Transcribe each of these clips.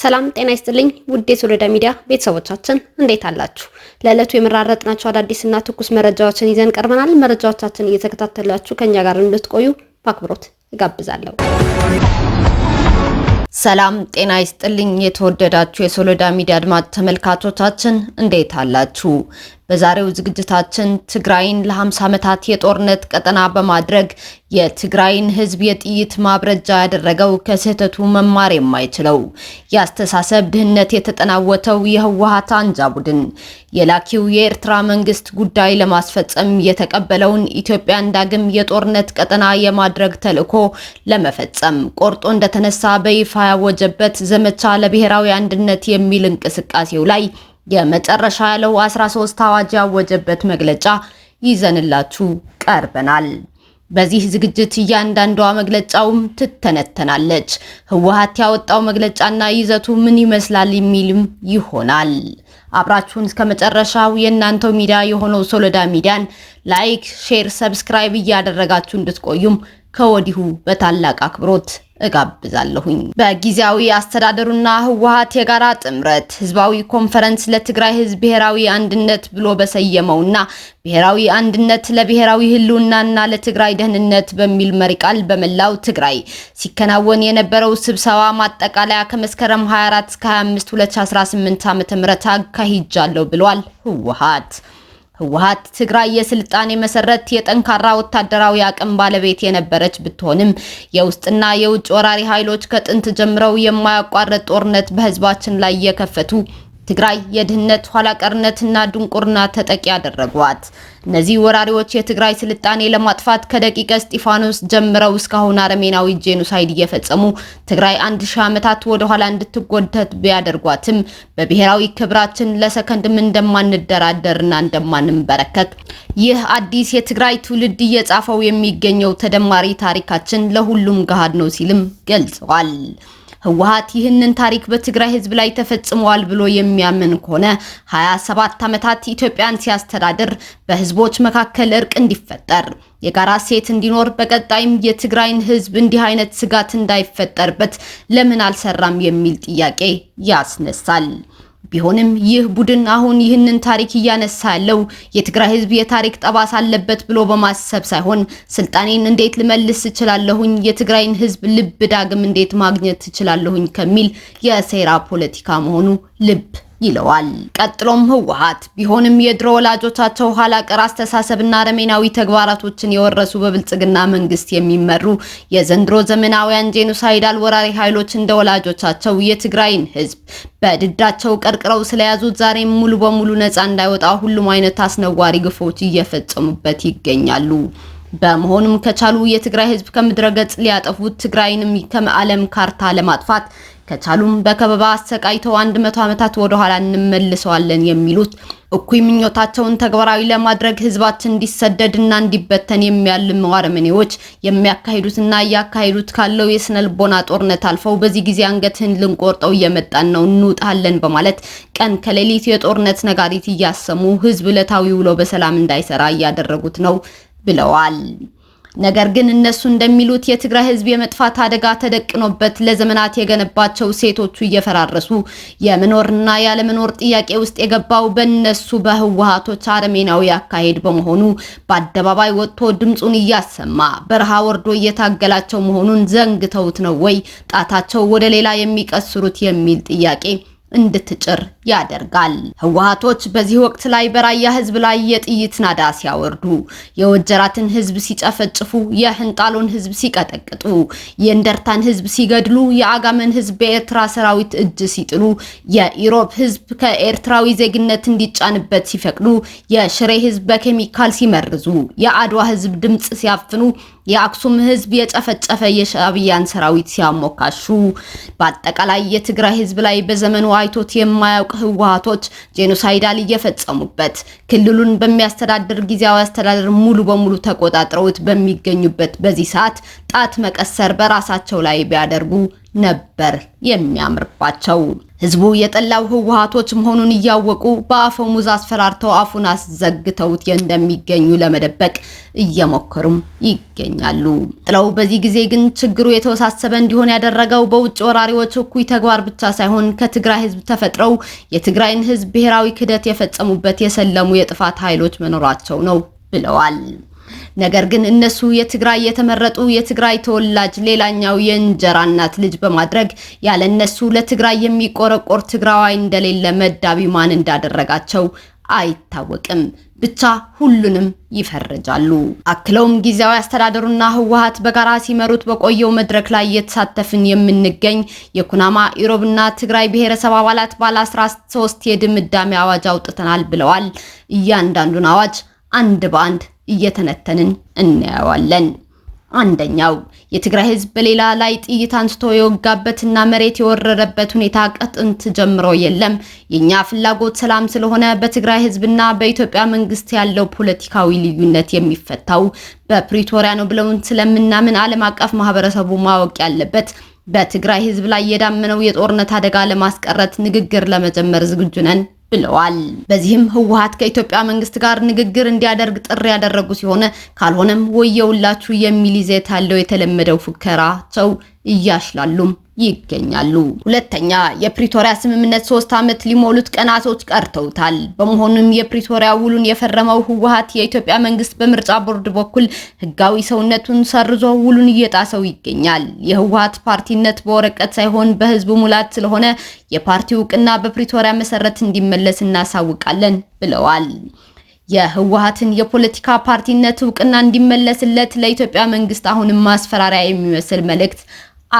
ሰላም ጤና ይስጥልኝ ውዴ ሶሎዳ ሚዲያ ቤተሰቦቻችን እንዴት አላችሁ? ለዕለቱ የመራረጥናቸው አዳዲስና ትኩስ መረጃዎችን ይዘን ቀርበናል። መረጃዎቻችን እየተከታተላችሁ ከኛ ጋር እንድትቆዩ በአክብሮት እጋብዛለሁ። ሰላም ጤና ይስጥልኝ የተወደዳችሁ የሶሎዳ ሚዲያ አድማጭ ተመልካቾቻችን እንዴት አላችሁ? በዛሬው ዝግጅታችን ትግራይን ለ50 ዓመታት የጦርነት ቀጠና በማድረግ የትግራይን ሕዝብ የጥይት ማብረጃ ያደረገው ከስህተቱ መማር የማይችለው የአስተሳሰብ ድህነት የተጠናወተው የህወሓት አንጃ ቡድን የላኪው የኤርትራ መንግስት ጉዳይ ለማስፈጸም የተቀበለውን ኢትዮጵያን ዳግም የጦርነት ቀጠና የማድረግ ተልዕኮ ለመፈጸም ቆርጦ እንደተነሳ በይፋ ያወጀበት ዘመቻ ለብሔራዊ አንድነት የሚል እንቅስቃሴው ላይ የመጨረሻ ያለው 13 አዋጅ ያወጀበት መግለጫ ይዘንላችሁ ቀርበናል። በዚህ ዝግጅት እያንዳንዷ መግለጫውም ትተነተናለች። ህወሓት ያወጣው መግለጫና ይዘቱ ምን ይመስላል የሚልም ይሆናል። አብራችሁን እስከ መጨረሻው የእናንተው ሚዲያ የሆነው ሶሎዳ ሚዲያን ላይክ፣ ሼር፣ ሰብስክራይብ እያደረጋችሁ እንድትቆዩም ከወዲሁ በታላቅ አክብሮት እጋብዛለሁኝ። በጊዜያዊ አስተዳደሩና ህወሀት የጋራ ጥምረት ህዝባዊ ኮንፈረንስ ለትግራይ ህዝብ ብሔራዊ አንድነት ብሎ በሰየመውና ብሔራዊ አንድነት ለብሔራዊ ህልውናና ለትግራይ ደህንነት በሚል መሪ ቃል በመላው ትግራይ ሲከናወን የነበረው ስብሰባ ማጠቃለያ ከመስከረም 24 እስከ 25 2018 ም አካሂጃለሁ ብሏል ህወሀት። ህወሀት ትግራይ የስልጣኔ መሰረት የጠንካራ ወታደራዊ አቅም ባለቤት የነበረች ብትሆንም የውስጥና የውጭ ወራሪ ኃይሎች ከጥንት ጀምረው የማያቋርጥ ጦርነት በህዝባችን ላይ የከፈቱ ትግራይ የድህነት ኋላቀርነትና ድንቁርና ተጠቂ ያደረጓት እነዚህ ወራሪዎች የትግራይ ስልጣኔ ለማጥፋት ከደቂቀ እስጢፋኖስ ጀምረው እስካሁን አረሜናዊ ጄኖሳይድ እየፈጸሙ ትግራይ አንድ ሺህ ዓመታት ወደ ኋላ እንድትጎተት ቢያደርጓትም በብሔራዊ ክብራችን ለሰከንድም እንደማንደራደርና እንደማንበረከት ይህ አዲስ የትግራይ ትውልድ እየጻፈው የሚገኘው ተደማሪ ታሪካችን ለሁሉም ገሃድ ነው ሲልም ገልጸዋል። ህወሀት ይህንን ታሪክ በትግራይ ህዝብ ላይ ተፈጽመዋል ብሎ የሚያምን ከሆነ 27 ዓመታት ኢትዮጵያን ሲያስተዳድር በህዝቦች መካከል እርቅ እንዲፈጠር የጋራ ሴት እንዲኖር በቀጣይም የትግራይን ህዝብ እንዲህ አይነት ስጋት እንዳይፈጠርበት ለምን አልሰራም የሚል ጥያቄ ያስነሳል። ቢሆንም ይህ ቡድን አሁን ይህንን ታሪክ እያነሳ ያለው የትግራይ ህዝብ የታሪክ ጠባሳ አለበት ብሎ በማሰብ ሳይሆን ስልጣኔን እንዴት ልመልስ እችላለሁኝ፣ የትግራይን ህዝብ ልብ ዳግም እንዴት ማግኘት እችላለሁኝ ከሚል የሴራ ፖለቲካ መሆኑ ልብ ይለዋል። ቀጥሎም ህወሓት ቢሆንም የድሮ ወላጆቻቸው ኋላ ቀር አስተሳሰብና ረሜናዊ ተግባራቶችን የወረሱ በብልጽግና መንግስት የሚመሩ የዘንድሮ ዘመናውያን ጄኖሳይዳል ወራሪ ኃይሎች እንደ ወላጆቻቸው የትግራይን ህዝብ በድዳቸው ቀርቅረው ስለያዙት ዛሬም ሙሉ በሙሉ ነፃ እንዳይወጣ ሁሉም አይነት አስነዋሪ ግፎች እየፈጸሙበት ይገኛሉ። በመሆኑም ከቻሉ የትግራይ ህዝብ ከምድረ ገጽ ሊያጠፉት ትግራይንም ከዓለም ካርታ ለማጥፋት ከቻሉም በከበባ አሰቃይተው አንድ መቶ ዓመታት ወደ ኋላ እንመልሰዋለን የሚሉት እኩይ ምኞታቸውን ተግባራዊ ለማድረግ ህዝባችን እንዲሰደድና እንዲበተን የሚያልም አረመኔዎች የሚያካሂዱትና እያካሄዱት ካለው የስነ ልቦና ጦርነት አልፈው በዚህ ጊዜ አንገትህን ልንቆርጠው እየመጣን ነው እንውጣለን በማለት ቀን ከሌሊት የጦርነት ነጋሪት እያሰሙ ህዝብ ዕለታዊ ውሎ በሰላም እንዳይሰራ እያደረጉት ነው ብለዋል። ነገር ግን እነሱ እንደሚሉት የትግራይ ህዝብ የመጥፋት አደጋ ተደቅኖበት ለዘመናት የገነባቸው ሴቶቹ እየፈራረሱ የመኖርና ያለመኖር ጥያቄ ውስጥ የገባው በእነሱ በህወሃቶች አረሜናዊ አካሄድ በመሆኑ በአደባባይ ወጥቶ ድምፁን እያሰማ በረሃ ወርዶ እየታገላቸው መሆኑን ዘንግተውት ነው ወይ ጣታቸው ወደ ሌላ የሚቀስሩት የሚል ጥያቄ እንድትጭር ያደርጋል። ህወሀቶች በዚህ ወቅት ላይ በራያ ህዝብ ላይ የጥይት ናዳ ሲያወርዱ፣ የወጀራትን ህዝብ ሲጨፈጭፉ፣ የህንጣሎን ህዝብ ሲቀጠቅጡ፣ የእንደርታን ህዝብ ሲገድሉ፣ የአጋመን ህዝብ በኤርትራ ሰራዊት እጅ ሲጥሉ፣ የኢሮብ ህዝብ ከኤርትራዊ ዜግነት እንዲጫንበት ሲፈቅዱ፣ የሽሬ ህዝብ በኬሚካል ሲመርዙ፣ የአድዋ ህዝብ ድምፅ ሲያፍኑ የአክሱም ህዝብ የጨፈጨፈ የሻዕቢያን ሰራዊት ሲያሞካሹ፣ በአጠቃላይ የትግራይ ህዝብ ላይ በዘመኑ አይቶት የማያውቅ የሚታወቅ ህወሀቶች ጄኖሳይዳል እየፈጸሙበት ክልሉን በሚያስተዳድር ጊዜያዊ አስተዳደር ሙሉ በሙሉ ተቆጣጥረውት በሚገኙበት በዚህ ሰዓት ጣት መቀሰር በራሳቸው ላይ ቢያደርጉ ነበር የሚያምርባቸው። ህዝቡ የጠላው ህወሓቶች መሆኑን እያወቁ በአፈሙዝ አስፈራርተው አፉን አስዘግተውት እንደሚገኙ ለመደበቅ እየሞከሩም ይገኛሉ። ጥለው በዚህ ጊዜ ግን ችግሩ የተወሳሰበ እንዲሆን ያደረገው በውጭ ወራሪዎች እኩይ ተግባር ብቻ ሳይሆን ከትግራይ ህዝብ ተፈጥረው የትግራይን ህዝብ ብሔራዊ ክህደት የፈጸሙበት የሰለሙ የጥፋት ኃይሎች መኖራቸው ነው ብለዋል። ነገር ግን እነሱ የትግራይ የተመረጡ የትግራይ ተወላጅ ሌላኛው የእንጀራ እናት ልጅ በማድረግ ያለ እነሱ ለትግራይ የሚቆረቆር ትግራዋይ እንደሌለ መዳቢ ማን እንዳደረጋቸው አይታወቅም። ብቻ ሁሉንም ይፈርጃሉ። አክለውም ጊዜያዊ አስተዳደሩና ህወሀት በጋራ ሲመሩት በቆየው መድረክ ላይ እየተሳተፍን የምንገኝ የኩናማ ኢሮብና ትግራይ ብሔረሰብ አባላት ባለ 13 የድምዳሜ አዋጅ አውጥተናል ብለዋል። እያንዳንዱን አዋጅ አንድ በአንድ እየተነተንን እናየዋለን። አንደኛው የትግራይ ህዝብ በሌላ ላይ ጥይት አንስቶ የወጋበትና መሬት የወረረበት ሁኔታ ከጥንት ጀምሮ የለም። የኛ ፍላጎት ሰላም ስለሆነ በትግራይ ህዝብና በኢትዮጵያ መንግስት ያለው ፖለቲካዊ ልዩነት የሚፈታው በፕሪቶሪያ ነው ብለውን ስለምናምን ዓለም አቀፍ ማህበረሰቡ ማወቅ ያለበት በትግራይ ህዝብ ላይ የዳመነው የጦርነት አደጋ ለማስቀረት ንግግር ለመጀመር ዝግጁ ነን ብለዋል። በዚህም ህወሀት ከኢትዮጵያ መንግስት ጋር ንግግር እንዲያደርግ ጥሪ ያደረጉ ሲሆን ካልሆነም ወየውላችሁ የሚል ይዘት ያለው የተለመደው ፉከራቸው እያሽላሉም ይገኛሉ። ሁለተኛ የፕሪቶሪያ ስምምነት ሶስት ዓመት ሊሞሉት ቀናቶች ቀርተውታል። በመሆኑም የፕሪቶሪያ ውሉን የፈረመው ህወሀት የኢትዮጵያ መንግስት በምርጫ ቦርድ በኩል ህጋዊ ሰውነቱን ሰርዞ ውሉን እየጣሰው ይገኛል። የህወሀት ፓርቲነት በወረቀት ሳይሆን በህዝቡ ሙላት ስለሆነ የፓርቲ እውቅና በፕሪቶሪያ መሰረት እንዲመለስ እናሳውቃለን ብለዋል። የህወሀትን የፖለቲካ ፓርቲነት እውቅና እንዲመለስለት ለኢትዮጵያ መንግስት አሁንም ማስፈራሪያ የሚመስል መልእክት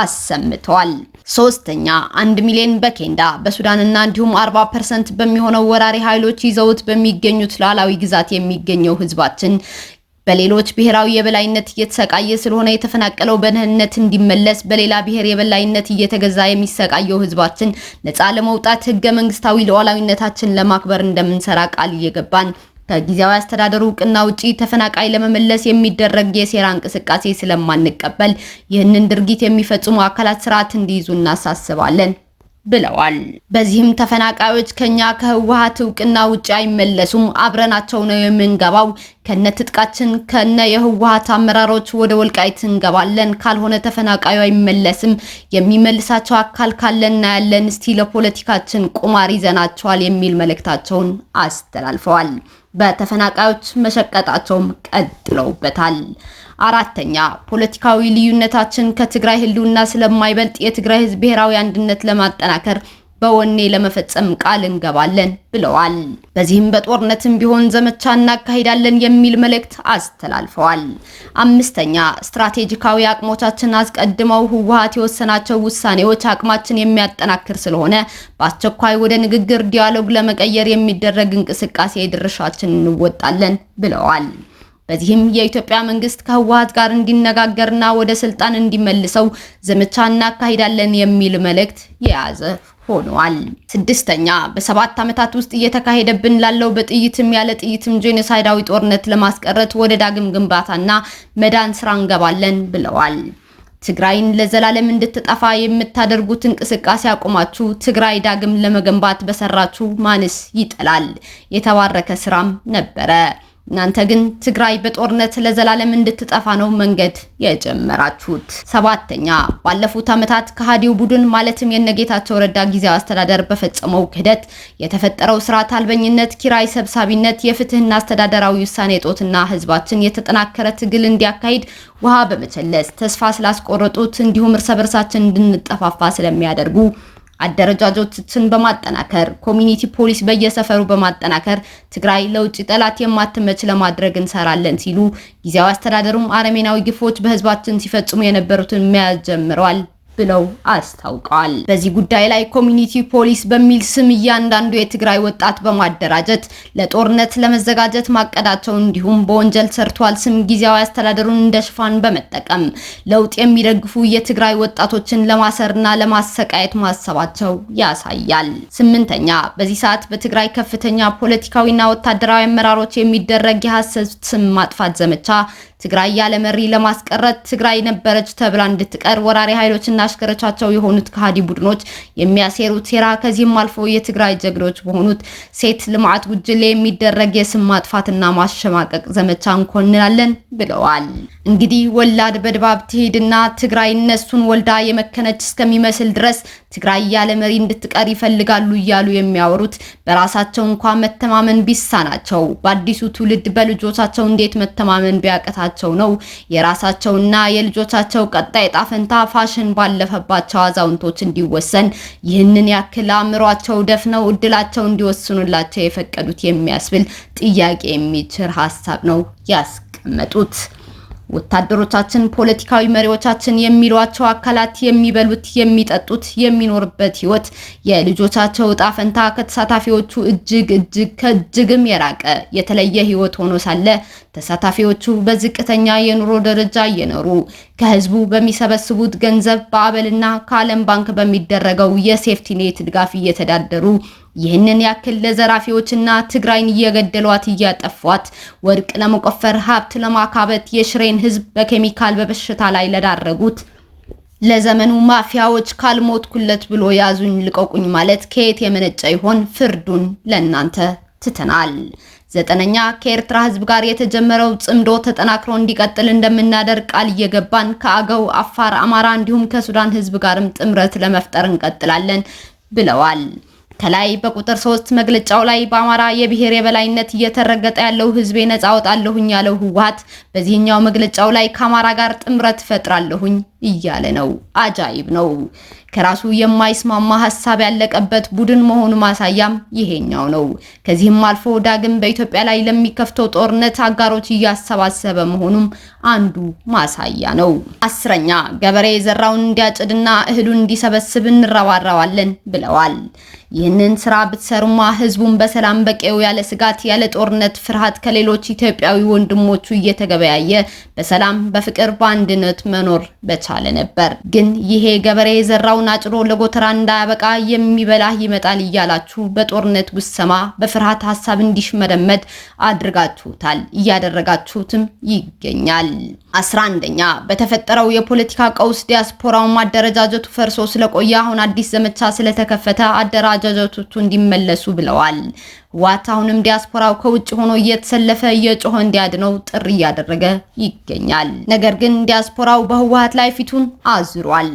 አሰምተዋል። ሶስተኛ አንድ ሚሊዮን በኬንዳ በሱዳንና እንዲሁም 40 ፐርሰንት በሚሆነው ወራሪ ኃይሎች ይዘውት በሚገኙት ሉዓላዊ ግዛት የሚገኘው ህዝባችን በሌሎች ብሔራዊ የበላይነት እየተሰቃየ ስለሆነ የተፈናቀለው በደህንነት እንዲመለስ በሌላ ብሔር የበላይነት እየተገዛ የሚሰቃየው ህዝባችን ነፃ ለመውጣት ህገ መንግስታዊ ሉዓላዊነታችን ለማክበር እንደምንሰራ ቃል እየገባን ከጊዜያዊ አስተዳደሩ እውቅና ውጪ ተፈናቃይ ለመመለስ የሚደረግ የሴራ እንቅስቃሴ ስለማንቀበል ይህንን ድርጊት የሚፈጽሙ አካላት ስርዓት እንዲይዙ እናሳስባለን ብለዋል። በዚህም ተፈናቃዮች ከኛ ከህወሓት እውቅና ውጪ አይመለሱም፣ አብረናቸው ነው የምንገባው፣ ከነ ትጥቃችን ከነ የህወሓት አመራሮች ወደ ወልቃይት እንገባለን፣ ካልሆነ ተፈናቃዩ አይመለስም፣ የሚመልሳቸው አካል ካለ እናያለን፣ እስቲ ለፖለቲካችን ቁማር ይዘናቸዋል የሚል መልእክታቸውን አስተላልፈዋል። በተፈናቃዮች መሸቀጣቸውም ቀጥለውበታል። አራተኛ ፖለቲካዊ ልዩነታችን ከትግራይ ህልውና ስለማይበልጥ የትግራይ ህዝብ ብሔራዊ አንድነት ለማጠናከር በወኔ ለመፈጸም ቃል እንገባለን ብለዋል። በዚህም በጦርነትም ቢሆን ዘመቻ እናካሂዳለን የሚል መልእክት አስተላልፈዋል። አምስተኛ ስትራቴጂካዊ አቅሞቻችን አስቀድመው ህወሓት የወሰናቸው ውሳኔዎች አቅማችን የሚያጠናክር ስለሆነ በአስቸኳይ ወደ ንግግር ዲያሎግ ለመቀየር የሚደረግ እንቅስቃሴ ድርሻችን እንወጣለን ብለዋል። በዚህም የኢትዮጵያ መንግስት ከህወሀት ጋር እንዲነጋገርና ወደ ስልጣን እንዲመልሰው ዘመቻ እናካሂዳለን የሚል መልእክት የያዘ ሆኗል። ስድስተኛ በሰባት ዓመታት ውስጥ እየተካሄደብን ላለው በጥይትም ያለ ጥይትም ጄኖሳይዳዊ ጦርነት ለማስቀረት ወደ ዳግም ግንባታና መዳን ስራ እንገባለን ብለዋል። ትግራይን ለዘላለም እንድትጠፋ የምታደርጉት እንቅስቃሴ አቁማችሁ ትግራይ ዳግም ለመገንባት በሰራችሁ ማንስ ይጠላል? የተባረከ ስራም ነበረ። እናንተ ግን ትግራይ በጦርነት ለዘላለም እንድትጠፋ ነው መንገድ የጀመራችሁት። ሰባተኛ ባለፉት ዓመታት ከሃዲው ቡድን ማለትም የነጌታቸው ረዳ ጊዜያዊ አስተዳደር በፈጸመው ክህደት የተፈጠረው ስርዓት አልበኝነት፣ ኪራይ ሰብሳቢነት፣ የፍትህና አስተዳደራዊ ውሳኔ ጦትና ህዝባችን የተጠናከረ ትግል እንዲያካሂድ ውሃ በመቸለስ ተስፋ ስላስቆረጡት እንዲሁም እርስ በርሳችን እንድንጠፋፋ ስለሚያደርጉ አደረጃጆችን በማጠናከር ኮሚኒቲ ፖሊስ በየሰፈሩ በማጠናከር ትግራይ ለውጭ ጠላት የማትመች ለማድረግ እንሰራለን ሲሉ ጊዜያዊ አስተዳደሩም አረሜናዊ ግፎች በህዝባችን ሲፈጽሙ የነበሩትን መያዝ ጀምረዋል። ብለው አስታውቀዋል። በዚህ ጉዳይ ላይ ኮሚኒቲ ፖሊስ በሚል ስም እያንዳንዱ የትግራይ ወጣት በማደራጀት ለጦርነት ለመዘጋጀት ማቀዳቸው እንዲሁም በወንጀል ሰርቷል ስም ጊዜያዊ አስተዳደሩን እንደ ሽፋን በመጠቀም ለውጥ የሚደግፉ የትግራይ ወጣቶችን ለማሰርና ለማሰቃየት ማሰባቸው ያሳያል። ስምንተኛ በዚህ ሰዓት በትግራይ ከፍተኛ ፖለቲካዊና ወታደራዊ አመራሮች የሚደረግ የሐሰት ስም ማጥፋት ዘመቻ ትግራይ ያለ መሪ ለማስቀረት ትግራይ ነበረች ተብላ እንድትቀር ወራሪ ኃይሎችና አሽከሮቻቸው የሆኑት ከሃዲ ቡድኖች የሚያሴሩት ሴራ ከዚህም አልፎ የትግራይ ጀግኖች በሆኑት ሴት ልማት ጉጅሌ የሚደረግ የስም ማጥፋትና ማሸማቀቅ ዘመቻ እንኮንናለን ብለዋል። እንግዲህ ወላድ በድባብ ትሄድና ትግራይ እነሱን ወልዳ የመከነች እስከሚመስል ድረስ ትግራይ ያለ መሪ እንድትቀር ይፈልጋሉ እያሉ የሚያወሩት በራሳቸው እንኳ መተማመን ቢሳ ናቸው። በአዲሱ ትውልድ በልጆቻቸው እንዴት መተማመን ቢያቀታቸው ነው የራሳቸውና የልጆቻቸው ቀጣይ ጣፈንታ ፋሽን ባለ ባለፈባቸው አዛውንቶች እንዲወሰን ይህንን ያክል አእምሯቸው ደፍነው እድላቸው እንዲወስኑላቸው የፈቀዱት የሚያስብል ጥያቄ የሚችር ሀሳብ ነው ያስቀመጡት። ወታደሮቻችን፣ ፖለቲካዊ መሪዎቻችን የሚሏቸው አካላት የሚበሉት፣ የሚጠጡት፣ የሚኖርበት ህይወት የልጆቻቸው እጣ ፈንታ ከተሳታፊዎቹ እጅግ እጅግ ከእጅግም የራቀ የተለየ ህይወት ሆኖ ሳለ ተሳታፊዎቹ በዝቅተኛ የኑሮ ደረጃ እየኖሩ ከህዝቡ በሚሰበስቡት ገንዘብ በአበልና ከዓለም ባንክ በሚደረገው የሴፍቲኔት ድጋፍ እየተዳደሩ ይህንን ያክል ለዘራፊዎችና ትግራይን እየገደሏት እያጠፏት ወርቅ ለመቆፈር ሀብት ለማካበት የሽሬን ህዝብ በኬሚካል በበሽታ ላይ ለዳረጉት ለዘመኑ ማፊያዎች ካልሞትኩለት ብሎ ያዙኝ ልቀቁኝ ማለት ከየት የመነጨ ይሆን? ፍርዱን ለእናንተ ትተናል። ዘጠነኛ ከኤርትራ ህዝብ ጋር የተጀመረው ጽምዶ ተጠናክሮ እንዲቀጥል እንደምናደርግ ቃል እየገባን ከአገው፣ አፋር፣ አማራ እንዲሁም ከሱዳን ህዝብ ጋርም ጥምረት ለመፍጠር እንቀጥላለን ብለዋል። ከላይ በቁጥር ሶስት መግለጫው ላይ በአማራ የብሔር የበላይነት እየተረገጠ ያለው ህዝቤ ነጻ አወጣለሁኝ ያለው ህወሓት በዚህኛው መግለጫው ላይ ከአማራ ጋር ጥምረት ፈጥራለሁኝ እያለ ነው። አጃይብ ነው። ከራሱ የማይስማማ ሀሳብ ያለቀበት ቡድን መሆኑ ማሳያም ይሄኛው ነው። ከዚህም አልፎ ዳግም በኢትዮጵያ ላይ ለሚከፍተው ጦርነት አጋሮች እያሰባሰበ መሆኑም አንዱ ማሳያ ነው። አስረኛ ገበሬ የዘራውን እንዲያጭድና እህሉን እንዲሰበስብ እንረባረባለን ብለዋል። ይህንን ስራ ብትሰሩማ ህዝቡን በሰላም በቀዩ ያለ ስጋት ያለ ጦርነት ፍርሃት ከሌሎች ኢትዮጵያዊ ወንድሞቹ እየተገበያየ በሰላም በፍቅር በአንድነት መኖር በቻ የቻለ ነበር። ግን ይሄ ገበሬ የዘራውን አጭሮ ለጎተራ እንዳያበቃ የሚበላህ ይመጣል እያላችሁ በጦርነት ጉሰማ በፍርሃት ሀሳብ እንዲሽመደመድ አድርጋችሁታል፣ እያደረጋችሁትም ይገኛል። አስራ አንደኛ በተፈጠረው የፖለቲካ ቀውስ ዲያስፖራውን አደረጃጀቱ ፈርሶ ስለቆየ አሁን አዲስ ዘመቻ ስለተከፈተ አደረጃጀቶቹ እንዲመለሱ ብለዋል። ህወሓት አሁንም ዲያስፖራው ከውጭ ሆኖ እየተሰለፈ እየጮኸ እንዲያድነው ጥሪ እያደረገ ይገኛል። ነገር ግን ዲያስፖራው በህወሓት ላይ ፊቱን አዙሯል።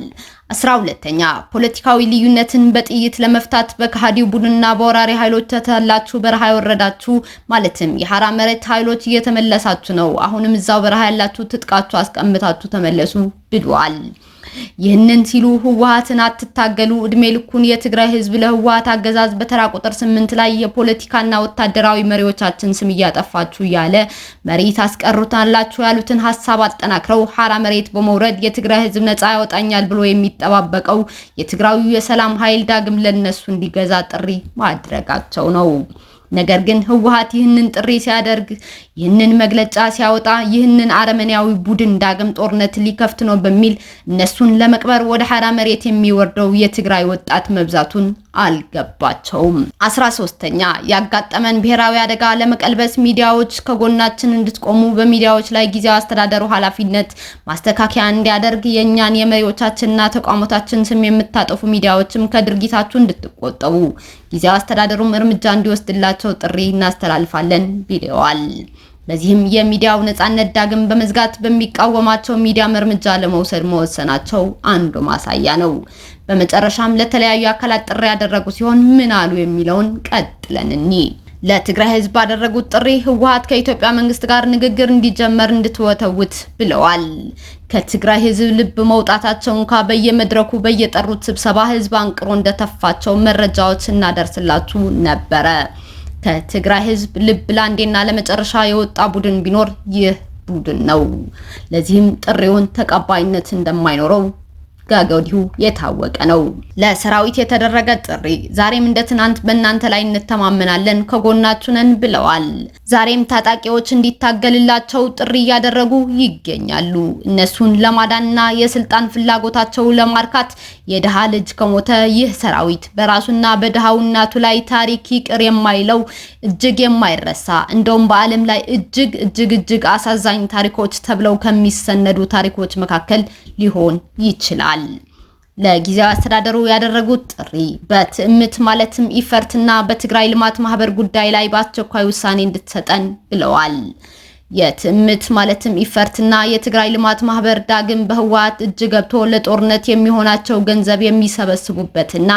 አስራ ሁለተኛ ፖለቲካዊ ልዩነትን በጥይት ለመፍታት በካሃዲው ቡድንና በወራሪ ኃይሎች ተተላችሁ በረሃ የወረዳችሁ ማለትም የሐራ መሬት ኃይሎች እየተመለሳችሁ ነው። አሁንም እዛው በረሃ ያላችሁ ትጥቃችሁ አስቀምታችሁ ተመለሱ ብሏል። ይህንን ሲሉ ህወሀትን አትታገሉ፣ እድሜ ልኩን የትግራይ ህዝብ ለህወሀት አገዛዝ በተራ ቁጥር ስምንት ላይ የፖለቲካና ወታደራዊ መሪዎቻችን ስም እያጠፋችሁ እያለ መሬት አስቀሩታላችሁ ያሉትን ሀሳብ አጠናክረው ሐራ መሬት በመውረድ የትግራይ ህዝብ ነጻ ያወጣኛል ብሎ የሚ የሚጠባበቀው የትግራዩ የሰላም ኃይል ዳግም ለነሱ እንዲገዛ ጥሪ ማድረጋቸው ነው። ነገር ግን ህወሓት ይህንን ጥሪ ሲያደርግ ይህንን መግለጫ ሲያወጣ ይህንን አረመኔያዊ ቡድን ዳግም ጦርነት ሊከፍት ነው በሚል እነሱን ለመቅበር ወደ ሐራ መሬት የሚወርደው የትግራይ ወጣት መብዛቱን አልገባቸውም። አስራ ሶስተኛ ያጋጠመን ብሔራዊ አደጋ ለመቀልበስ ሚዲያዎች ከጎናችን እንድትቆሙ በሚዲያዎች ላይ ጊዜያዊ አስተዳደሩ ኃላፊነት ማስተካከያ እንዲያደርግ የእኛን የመሪዎቻችንና ተቋሞታችን ስም የምታጠፉ ሚዲያዎችም ከድርጊታችሁ እንድትቆጠቡ ጊዜያዊ አስተዳደሩም እርምጃ እንዲወስድላቸው ጥሪ እናስተላልፋለን ብለዋል። በዚህም የሚዲያው ነጻነት ዳግም በመዝጋት በሚቃወማቸው ሚዲያም እርምጃ ለመውሰድ መወሰናቸው አንዱ ማሳያ ነው። በመጨረሻም ለተለያዩ አካላት ጥሪ ያደረጉ ሲሆን ምን አሉ የሚለውን ቀጥለን ለትግራይ ህዝብ ባደረጉት ጥሪ ህወሓት ከኢትዮጵያ መንግስት ጋር ንግግር እንዲጀመር እንድትወተውት ብለዋል። ከትግራይ ህዝብ ልብ መውጣታቸው እንኳ በየመድረኩ በየጠሩት ስብሰባ ህዝብ አንቅሮ እንደተፋቸው መረጃዎች እናደርስላችሁ ነበረ። ከትግራይ ህዝብ ልብ ለአንዴና ለመጨረሻ የወጣ ቡድን ቢኖር ይህ ቡድን ነው። ለዚህም ጥሪውን ተቀባይነት እንደማይኖረው ከወዲሁ የታወቀ ነው። ለሰራዊት የተደረገ ጥሪ ዛሬም እንደ ትናንት በእናንተ ላይ እንተማመናለን ከጎናችሁ ነን ብለዋል። ዛሬም ታጣቂዎች እንዲታገልላቸው ጥሪ እያደረጉ ይገኛሉ። እነሱን ለማዳንና የስልጣን ፍላጎታቸው ለማርካት የድሃ ልጅ ከሞተ ይህ ሰራዊት በራሱና በድሃው እናቱ ላይ ታሪክ ይቅር የማይለው እጅግ የማይረሳ እንደውም በዓለም ላይ እጅግ እጅግ እጅግ አሳዛኝ ታሪኮች ተብለው ከሚሰነዱ ታሪኮች መካከል ሊሆን ይችላል። ለጊዜያዊ አስተዳደሩ ያደረጉት ጥሪ በትዕምት ማለትም ኢፈርትና በትግራይ ልማት ማህበር ጉዳይ ላይ በአስቸኳይ ውሳኔ እንድትሰጠን ብለዋል። የትዕምት ማለትም ኢፈርትና የትግራይ ልማት ማህበር ዳግም በህወሓት እጅ ገብቶ ለጦርነት የሚሆናቸው ገንዘብ የሚሰበስቡበትና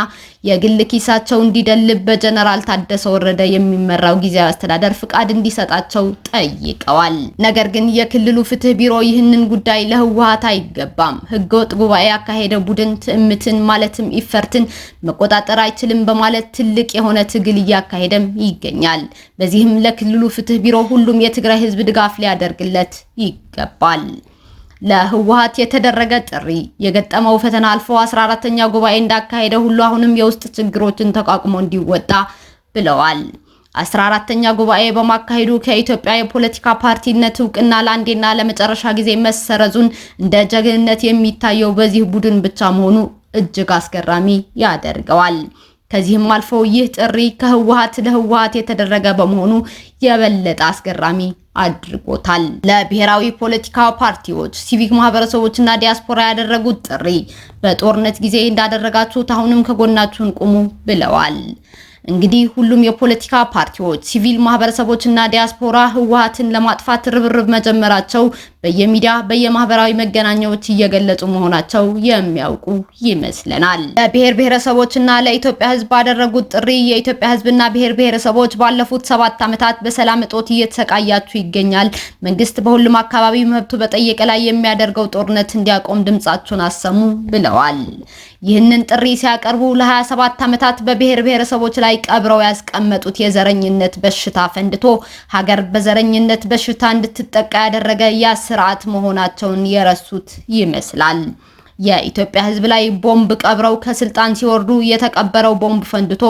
የግል ኪሳቸው እንዲደልብ በጀነራል ታደሰ ወረደ የሚመራው ጊዜያዊ አስተዳደር ፍቃድ እንዲሰጣቸው ጠይቀዋል። ነገር ግን የክልሉ ፍትህ ቢሮ ይህንን ጉዳይ ለህወሀት አይገባም፣ ህገወጥ ጉባኤ ያካሄደ ቡድን ትዕምትን ማለትም ኢፈርትን መቆጣጠር አይችልም በማለት ትልቅ የሆነ ትግል እያካሄደም ይገኛል። በዚህም ለክልሉ ፍትህ ቢሮ ሁሉም የትግራይ ህዝብ ድጋፍ ሊያደርግለት ይገባል። ለህወሀት የተደረገ ጥሪ የገጠመው ፈተና አልፎ 14ተኛ ጉባኤ እንዳካሄደ ሁሉ አሁንም የውስጥ ችግሮችን ተቋቁሞ እንዲወጣ ብለዋል። 14ተኛ ጉባኤ በማካሄዱ ከኢትዮጵያ የፖለቲካ ፓርቲነት እውቅና ለአንዴና ለመጨረሻ ጊዜ መሰረዙን እንደ ጀግንነት የሚታየው በዚህ ቡድን ብቻ መሆኑ እጅግ አስገራሚ ያደርገዋል። ከዚህም አልፎ ይህ ጥሪ ከህወሀት ለህወሀት የተደረገ በመሆኑ የበለጠ አስገራሚ አድርጎታል። ለብሔራዊ ፖለቲካ ፓርቲዎች፣ ሲቪክ ማህበረሰቦችና ዲያስፖራ ያደረጉት ጥሪ በጦርነት ጊዜ እንዳደረጋችሁት አሁንም ከጎናችሁን ቁሙ ብለዋል። እንግዲህ ሁሉም የፖለቲካ ፓርቲዎች፣ ሲቪል ማህበረሰቦችና ዲያስፖራ ህወሀትን ለማጥፋት ርብርብ መጀመራቸው በየሚዲያ በየማህበራዊ መገናኛዎች እየገለጹ መሆናቸው የሚያውቁ ይመስለናል። ለብሔር ብሔረሰቦችና ለኢትዮጵያ ሕዝብ ባደረጉት ጥሪ የኢትዮጵያ ሕዝብና ብሔር ብሔረሰቦች ባለፉት ሰባት ዓመታት በሰላም እጦት እየተሰቃያችሁ ይገኛል። መንግስት በሁሉም አካባቢ መብቱ በጠየቀ ላይ የሚያደርገው ጦርነት እንዲያቆም ድምጻችሁን አሰሙ ብለዋል። ይህንን ጥሪ ሲያቀርቡ ለ27 ዓመታት በብሔር ብሔረሰቦች ላይ ቀብረው ያስቀመጡት የዘረኝነት በሽታ ፈንድቶ ሀገር በዘረኝነት በሽታ እንድትጠቃ ያደረገ ያስ ስርዓት መሆናቸውን የረሱት ይመስላል። የኢትዮጵያ ሕዝብ ላይ ቦምብ ቀብረው ከስልጣን ሲወርዱ የተቀበረው ቦምብ ፈንድቶ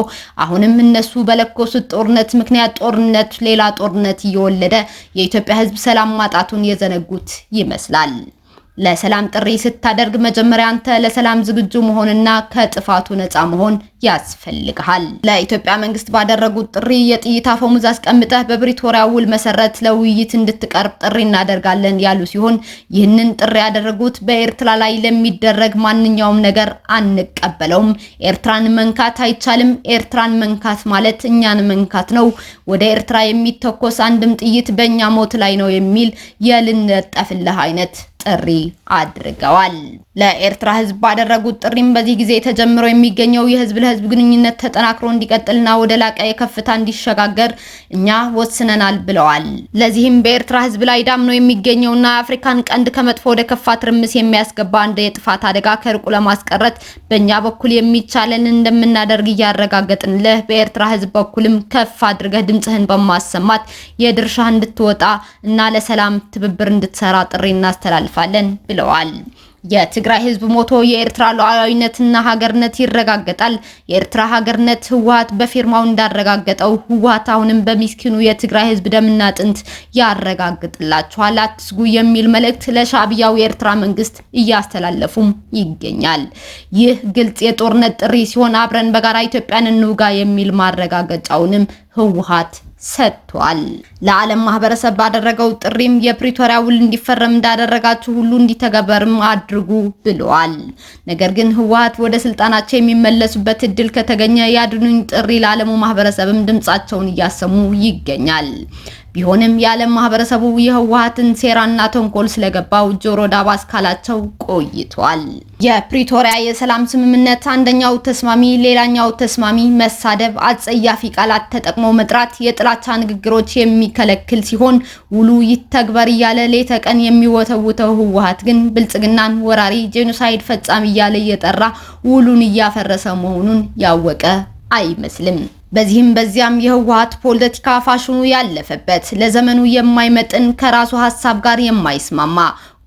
አሁንም እነሱ በለኮሱት ጦርነት ምክንያት ጦርነት ሌላ ጦርነት እየወለደ የኢትዮጵያ ሕዝብ ሰላም ማጣቱን የዘነጉት ይመስላል። ለሰላም ጥሪ ስታደርግ መጀመሪያ አንተ ለሰላም ዝግጁ መሆንና ከጥፋቱ ነፃ መሆን ያስፈልግሃል። ለኢትዮጵያ መንግስት ባደረጉት ጥሪ የጥይት አፈሙዝ አስቀምጠህ በፕሪቶሪያ ውል መሰረት ለውይይት እንድትቀርብ ጥሪ እናደርጋለን ያሉ ሲሆን ይህንን ጥሪ ያደረጉት በኤርትራ ላይ ለሚደረግ ማንኛውም ነገር አንቀበለውም፣ ኤርትራን መንካት አይቻልም፣ ኤርትራን መንካት ማለት እኛን መንካት ነው፣ ወደ ኤርትራ የሚተኮስ አንድም ጥይት በእኛ ሞት ላይ ነው የሚል የልንጠፍልህ አይነት ጥሪ አድርገዋል። ለኤርትራ ህዝብ ባደረጉት ጥሪም በዚህ ጊዜ ተጀምሮ የሚገኘው የህዝብ ለህዝብ ግንኙነት ተጠናክሮ እንዲቀጥልና ወደ ላቀ የከፍታ እንዲሸጋገር እኛ ወስነናል ብለዋል። ለዚህም በኤርትራ ህዝብ ላይ ዳምኖ የሚገኘውና የአፍሪካን ቀንድ ከመጥፎ ወደ ከፋ ትርምስ የሚያስገባ እንደ የጥፋት አደጋ ከርቁ ለማስቀረት በእኛ በኩል የሚቻለን እንደምናደርግ እያረጋገጥንልህ፣ በኤርትራ ህዝብ በኩልም ከፍ አድርገህ ድምፅህን በማሰማት የድርሻ እንድትወጣ እና ለሰላም ትብብር እንድትሰራ ጥሪ እናስተላለን እናልፋለን ብለዋል። የትግራይ ህዝብ ሞቶ የኤርትራ ሉዓላዊነትና ሀገርነት ይረጋገጣል። የኤርትራ ሀገርነት ህወሀት በፊርማው እንዳረጋገጠው ህወሀት አሁንም በሚስኪኑ የትግራይ ህዝብ ደምና ጥንት ያረጋግጥላችኋል፣ አትስጉ የሚል መልእክት ለሻዕቢያው የኤርትራ መንግስት እያስተላለፉም ይገኛል። ይህ ግልጽ የጦርነት ጥሪ ሲሆን አብረን በጋራ ኢትዮጵያን እንውጋ የሚል ማረጋገጫውንም ህወሀት ሰጥቷል። ለዓለም ማህበረሰብ ባደረገው ጥሪም የፕሪቶሪያ ውል እንዲፈረም እንዳደረጋችሁ ሁሉ እንዲተገበርም አድርጉ ብለዋል። ነገር ግን ህወሓት ወደ ስልጣናቸው የሚመለሱበት እድል ከተገኘ ያድኑኝ ጥሪ ለዓለሙ ማህበረሰብም ድምጻቸውን እያሰሙ ይገኛል። ቢሆንም የዓለም ማህበረሰቡ የህወሀትን ሴራና ተንኮል ስለገባው ጆሮ ዳባ እስካላቸው ቆይቷል። የፕሪቶሪያ የሰላም ስምምነት አንደኛው ተስማሚ፣ ሌላኛው ተስማሚ መሳደብ፣ አጸያፊ ቃላት ተጠቅሞ መጥራት፣ የጥላቻ ንግግሮች የሚከለክል ሲሆን ውሉ ይተግበር እያለ ሌተ ቀን የሚወተውተው ህወሀት ግን ብልጽግናን ወራሪ ጄኖሳይድ ፈጻሚ እያለ እየጠራ ውሉን እያፈረሰ መሆኑን ያወቀ አይመስልም። በዚህም በዚያም የህወሓት ፖለቲካ ፋሽኑ ያለፈበት ለዘመኑ የማይመጥን ከራሱ ሀሳብ ጋር የማይስማማ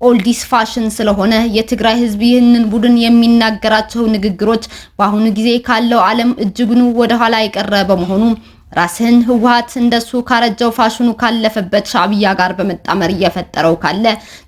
ኦልዲስ ፋሽን ስለሆነ የትግራይ ህዝብ ይህንን ቡድን የሚናገራቸው ንግግሮች በአሁኑ ጊዜ ካለው ዓለም እጅጉን ወደ ኋላ የቀረ በመሆኑ ራስህን ህወሀት እንደሱ ካረጀው ፋሽኑ ካለፈበት ሻብያ ጋር በመጣመር እየፈጠረው ካለ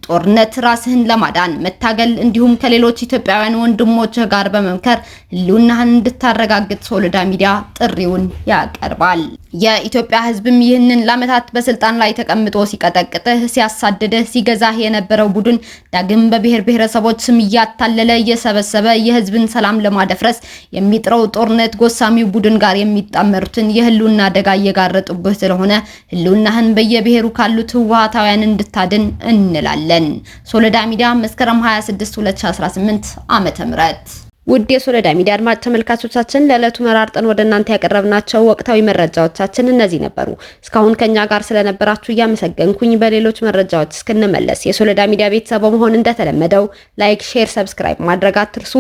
ጦርነት ራስህን ለማዳን መታገል እንዲሁም ከሌሎች ኢትዮጵያውያን ወንድሞችህ ጋር በመምከር ህልውናህን እንድታረጋግጥ ሶሎዳ ሚዲያ ጥሪውን ያቀርባል። የኢትዮጵያ ህዝብም ይህንን ለዓመታት በስልጣን ላይ ተቀምጦ ሲቀጠቅጥህ፣ ሲያሳድድህ፣ ሲገዛህ የነበረው ቡድን ዳግም በብሔር ብሔረሰቦች ስም እያታለለ እየሰበሰበ የህዝብን ሰላም ለማደፍረስ የሚጥረው ጦርነት ጎሳሚው ቡድን ጋር የሚጣመሩትን የህልውና ህልውና አደጋ እየጋረጡብህ ስለሆነ ህልውናህን በየብሔሩ ካሉት ህወሓታውያን እንድታድን እንላለን። ሶለዳ ሚዲያ መስከረም 26 2018 ዓ ም ውድ የሶለዳ ሚዲያ አድማጭ ተመልካቾቻችን ለዕለቱ መራርጠን ወደ እናንተ ያቀረብናቸው ወቅታዊ መረጃዎቻችን እነዚህ ነበሩ። እስካሁን ከኛ ጋር ስለነበራችሁ እያመሰገንኩኝ በሌሎች መረጃዎች እስክንመለስ የሶለዳ ሚዲያ ቤተሰብ መሆን እንደተለመደው ላይክ፣ ሼር፣ ሰብስክራይብ ማድረግ አትርሱ።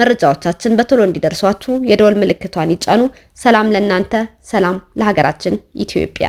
መረጃዎቻችን በቶሎ እንዲደርሷችሁ የደወል ምልክቷን ይጫኑ። ሰላም ለእናንተ፣ ሰላም ለሀገራችን ኢትዮጵያ።